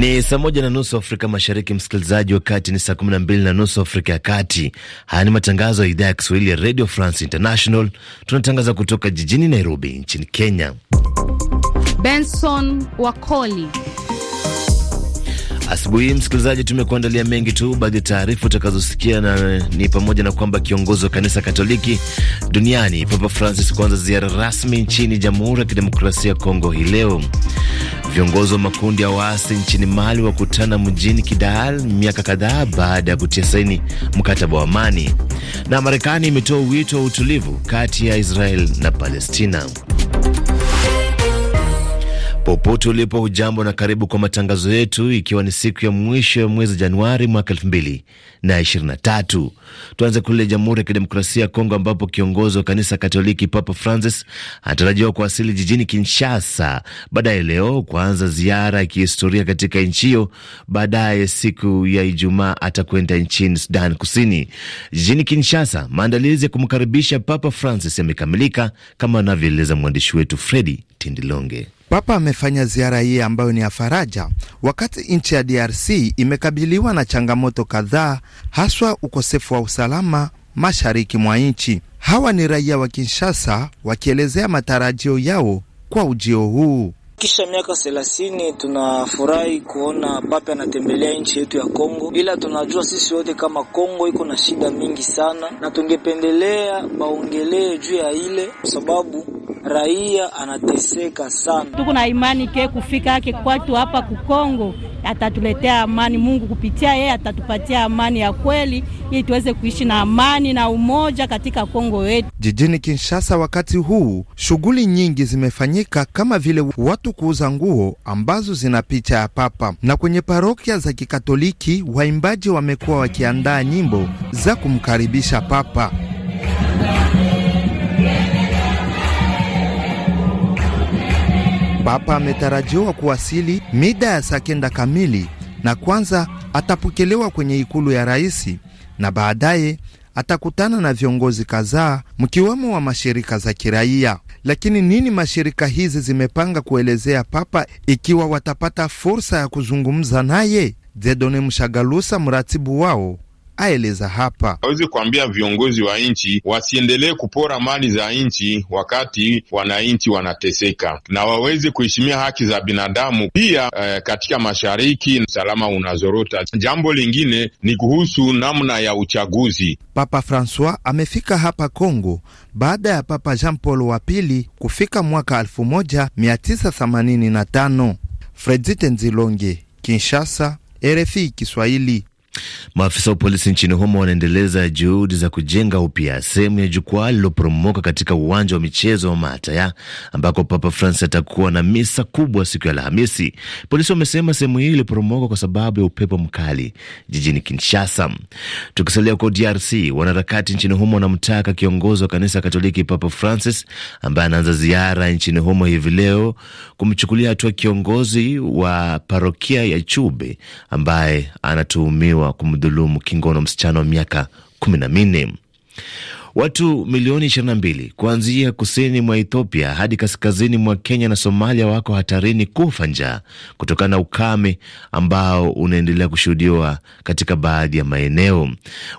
Ni saa moja na nusu Afrika Mashariki, msikilizaji, wakati ni saa kumi na mbili na nusu Afrika ya Kati. Haya ni matangazo ya idhaa ya Kiswahili ya Radio France International. Tunatangaza kutoka jijini Nairobi nchini Kenya. Benson Wakoli. Asubuhi hii msikilizaji, tumekuandalia mengi tu. Baadhi ya taarifa utakazosikia na ni pamoja na kwamba kiongozi wa kanisa Katoliki duniani Papa Francis kuanza ziara rasmi nchini Jamhuri ya Kidemokrasia ya Kongo hii leo. Viongozi wa makundi ya waasi nchini Mali wakutana mjini Kidal miaka kadhaa baada ya kutia saini mkataba wa amani. Na Marekani imetoa wito wa utulivu kati ya Israel na Palestina. Popote ulipo, hujambo na karibu kwa matangazo yetu, ikiwa ni siku ya mwisho ya mwezi Januari mwaka elfu mbili na ishirini na tatu. Tuanze kule Jamhuri ya Kidemokrasia ya Kongo, ambapo kiongozi wa kanisa Katoliki Papa Francis anatarajiwa kuwasili jijini Kinshasa baadaye leo kuanza ziara ya kihistoria katika nchi hiyo. Baadaye siku ya Ijumaa atakwenda nchini Sudan Kusini. Jijini Kinshasa, maandalizi ya kumkaribisha Papa Francis yamekamilika kama anavyoeleza mwandishi wetu Fredi Tindilonge. Papa amefanya ziara hii ambayo ni ya faraja wakati nchi ya DRC imekabiliwa na changamoto kadhaa, haswa ukosefu wa usalama mashariki mwa nchi. Hawa ni raia wa Kinshasa wakielezea matarajio yao kwa ujio huu. Kisha miaka thelathini tunafurahi kuona Papa anatembelea nchi yetu ya Kongo, ila tunajua sisi wote kama Kongo iko na shida mingi sana, na tungependelea baongelee juu ya ile kwa sababu raia anateseka sana. Tuko na imani ke kufika yake kwatu hapa kukongo atatuletea amani. Mungu kupitia yeye atatupatia amani ya kweli, ili tuweze kuishi na amani na umoja katika Kongo wetu Jijini Kinshasa wakati huu shughuli nyingi zimefanyika kama vile watu kuuza nguo ambazo zina picha ya papa, na kwenye parokia za Kikatoliki waimbaji wamekuwa wakiandaa nyimbo za kumkaribisha papa. Papa ametarajiwa kuwasili mida ya saa kenda kamili, na kwanza atapokelewa kwenye ikulu ya rais na baadaye atakutana na viongozi kadhaa mkiwemo wa mashirika za kiraia. Lakini nini mashirika hizi zimepanga kuelezea Papa ikiwa watapata fursa ya kuzungumza naye? Zedone Mshagalusa, mratibu wao aeleza hapa. Hawezi kuambia viongozi wa nchi wasiendelee kupora mali za nchi wakati wananchi wanateseka, na waweze kuheshimia haki za binadamu pia. Eh, katika mashariki usalama unazorota. Jambo lingine ni kuhusu namna ya uchaguzi. Papa Francois amefika hapa Kongo baada ya Papa Jean Paul wa pili kufika mwaka 1985. Fredzite Nzilonge, Kinshasa, RFI Kiswahili. Maafisa wa polisi nchini humo wanaendeleza juhudi za kujenga upya sehemu ya jukwaa lililoporomoka katika uwanja wa michezo wa Mataya ambako Papa Francis atakuwa na misa kubwa siku ya Alhamisi. Polisi wamesema sehemu hii iliporomoka kwa sababu ya upepo mkali jijini Kinshasa. Tukisalia huko DRC, wanaharakati nchini humo wanamtaka kiongozi wa kanisa Katoliki Papa Francis ambaye anaanza ziara nchini humo hivi leo kumchukulia hatua kiongozi wa parokia ya Chube ambaye anatuhumiwa kum kumdhulumu kingono msichana wa miaka kumi na minne. Watu milioni 22 kuanzia kusini mwa Ethiopia hadi kaskazini mwa Kenya na Somalia wako hatarini kufa njaa kutokana na ukame ambao unaendelea kushuhudiwa katika baadhi ya maeneo.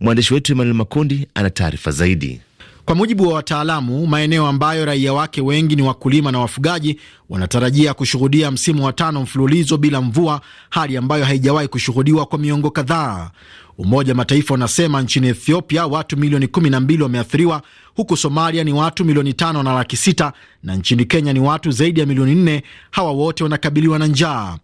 Mwandishi wetu emanuel Makundi ana taarifa zaidi. Kwa mujibu wa wataalamu, maeneo ambayo raia wake wengi ni wakulima na wafugaji wanatarajia kushuhudia msimu wa tano mfululizo bila mvua, hali ambayo haijawahi kushuhudiwa kwa miongo kadhaa. Umoja wa Mataifa unasema nchini Ethiopia watu milioni 12 wameathiriwa, huku Somalia ni watu milioni tano na laki sita na nchini Kenya ni watu zaidi ya milioni nne. Hawa wote wanakabiliwa na njaa.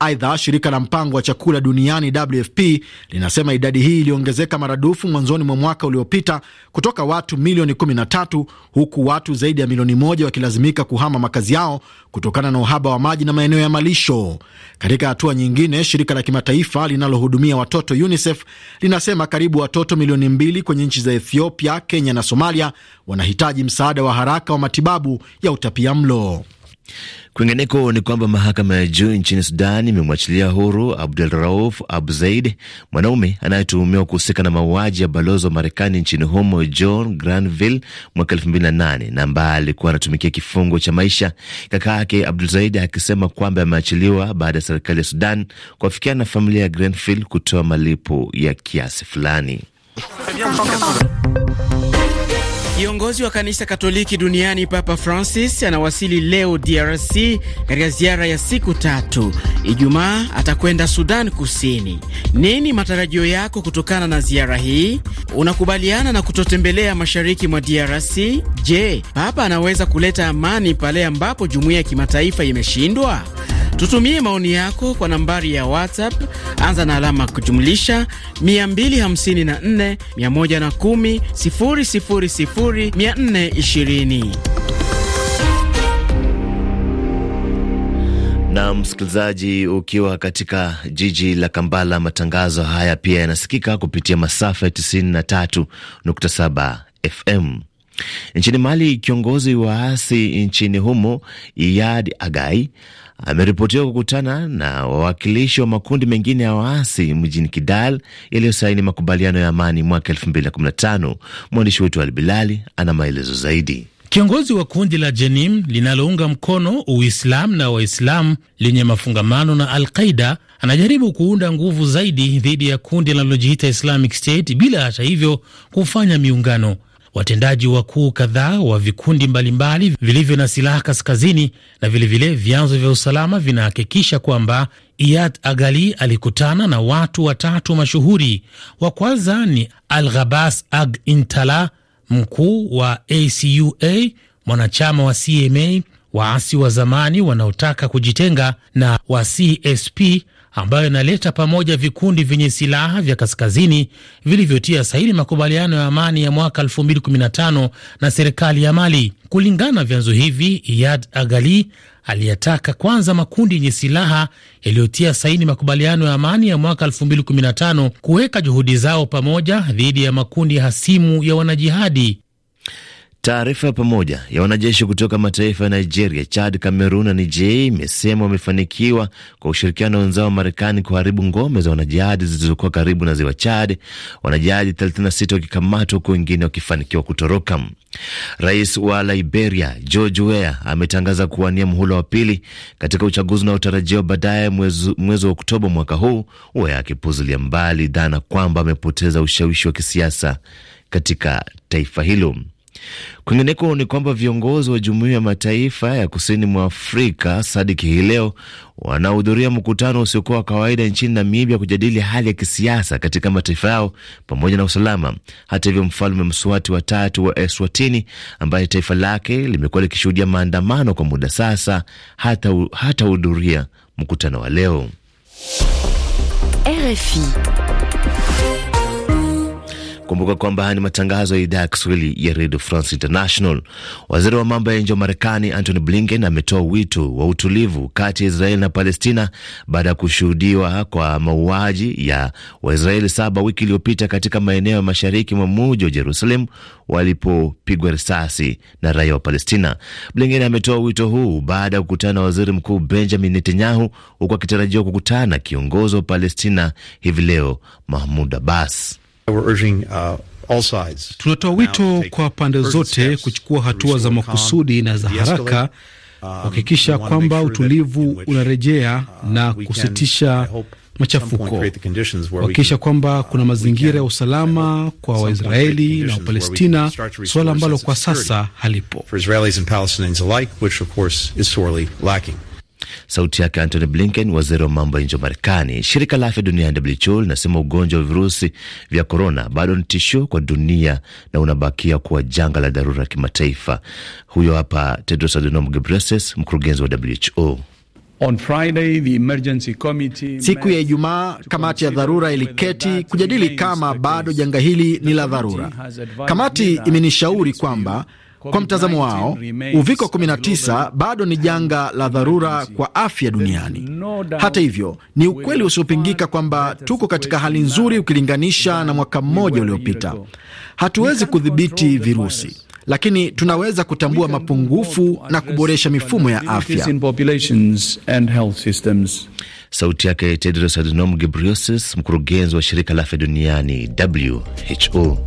Aidha, shirika la mpango wa chakula duniani WFP linasema idadi hii iliongezeka maradufu mwanzoni mwa mwaka uliopita kutoka watu milioni 13 huku watu zaidi ya milioni moja wakilazimika kuhama makazi yao kutokana na uhaba wa maji na maeneo ya malisho. Katika hatua nyingine, shirika la kimataifa linalohudumia watoto UNICEF linasema karibu watoto milioni mbili kwenye nchi za Ethiopia, Kenya na Somalia wanahitaji msaada wa haraka wa matibabu ya utapiamlo. Kwingineko ni kwamba mahakama ya juu nchini Sudan imemwachilia huru Abdul Rauf Abu Zaid, mwanaume anayetuhumiwa kuhusika na mauaji ya balozi wa Marekani nchini humo John Granville mwaka 2008 na ambaye alikuwa anatumikia kifungo cha maisha. Kaka yake Abdul Zaid akisema kwamba ameachiliwa baada ya serikali ya Sudan kuafikiana na familia ya Granville kutoa malipo ya kiasi fulani. Kiongozi wa kanisa Katoliki duniani Papa Francis anawasili leo DRC katika ziara ya siku tatu. Ijumaa atakwenda Sudan Kusini. Nini matarajio yako kutokana na ziara hii? Unakubaliana na kutotembelea mashariki mwa DRC? Je, Papa anaweza kuleta amani pale ambapo jumuiya ya kimataifa imeshindwa? Tutumie maoni yako kwa nambari ya WhatsApp, anza na alama kujumlisha 254 110 000 420. na msikilizaji, ukiwa katika jiji la kambala matangazo haya pia yanasikika kupitia masafa ya 93.7 FM. Nchini Mali, kiongozi wa asi nchini humo Iyad Agai ameripotiwa kukutana na wawakilishi wa makundi mengine ya waasi mjini Kidal yaliyosaini makubaliano ya amani mwaka 215 Mwandishi wetu Albilali ana maelezo zaidi. Kiongozi wa kundi la Jenim linalounga mkono Uislamu na Waislamu lenye mafungamano na Al Qaida anajaribu kuunda nguvu zaidi dhidi ya kundi linalojiita Islamic State bila hata hivyo kufanya miungano watendaji wakuu kadhaa wa vikundi mbalimbali vilivyo na silaha kaskazini na vilevile vyanzo vya usalama vinahakikisha kwamba Iyad Agali alikutana na watu watatu mashuhuri. Wa kwanza ni Al Ghabas Ag Intala, mkuu wa ACUA, mwanachama wa CMA, waasi wa zamani wanaotaka kujitenga na wa CSP ambayo inaleta pamoja vikundi vyenye silaha vya kaskazini vilivyotia saini makubaliano ya amani ya mwaka 2015 na serikali ya Mali. Kulingana na vyanzo hivi, Iyad Agali aliyataka kwanza makundi yenye silaha yaliyotia saini makubaliano ya amani ya mwaka 2015 kuweka juhudi zao pamoja dhidi ya makundi hasimu ya wanajihadi Taarifa ya pamoja ya wanajeshi kutoka mataifa ya Nigeria, Chad, Cameroon na Niger imesema wamefanikiwa kwa ushirikiano na wenzao wa Marekani kuharibu ngome za wanajihadi zilizokuwa karibu na ziwa Chad, wanajihadi 36 wakikamatwa huku wengine wakifanikiwa kutoroka. Rais wa Liberia George Weah ametangaza kuwania muhula wa pili katika uchaguzi unaotarajiwa baadaye mwezi wa Oktoba mwaka huu, Weah akipuzulia mbali dhana kwamba amepoteza ushawishi wa kisiasa katika taifa hilo. Kwingineko ni kwamba viongozi wa Jumuiya ya Mataifa ya Kusini mwa Afrika sadiki hii leo wanahudhuria mkutano usiokuwa wa kawaida nchini Namibia kujadili hali ya kisiasa katika mataifa yao pamoja na usalama. Hata hivyo, mfalme Mswati wa tatu wa Eswatini, ambaye taifa lake limekuwa likishuhudia maandamano kwa muda sasa, hatahudhuria hata mkutano wa leo. RFI. Kumbuka kwamba ni matangazo ya idhaa ya Kiswahili ya Radio France International. Waziri wa mambo ya nje wa Marekani Antony Blinken ametoa wito wa utulivu kati ya Israeli na Palestina baada ya kushuhudiwa kwa mauaji ya Waisraeli saba wiki iliyopita katika maeneo ya mashariki mwa muji wa Jerusalem walipopigwa risasi na raia wa Palestina. Blinken ametoa wito huu baada ya kukutana na waziri mkuu Benjamin Netanyahu, huku akitarajiwa kukutana kiongozi wa Palestina hivi leo Mahmud Abbas. Uh, Tunatoa wito kwa pande zote kuchukua hatua za makusudi na za haraka um, kuhakikisha kwamba utulivu unarejea uh, na kusitisha machafuko, kuhakikisha kwamba uh, kuna mazingira ya usalama kwa Waisraeli na Wapalestina, suala ambalo kwa sasa halipo. Sauti yake Antony Blinken, waziri wa mambo ya nje wa Marekani. Shirika la afya duniani WHO linasema ugonjwa wa virusi vya korona bado ni tishio kwa dunia na unabakia kuwa janga la dharura ya kimataifa. Huyo hapa Tedros Adhanom Ghebreyesus, mkurugenzi wa WHO. On Friday, the emergency committee siku ya Ijumaa kamati ya dharura iliketi kujadili kama bado janga hili ni la dharura. Kamati imenishauri kwamba kwa mtazamo wao, uviko 19 bado ni janga la dharura kwa afya duniani. Hata hivyo, ni ukweli usiopingika kwamba tuko katika hali nzuri ukilinganisha na mwaka mmoja uliopita. Hatuwezi kudhibiti virusi, lakini tunaweza kutambua mapungufu na kuboresha mifumo ya afya. Sauti yake Tedros Adhanom Ghebreyesus, mkurugenzi wa shirika la afya duniani WHO.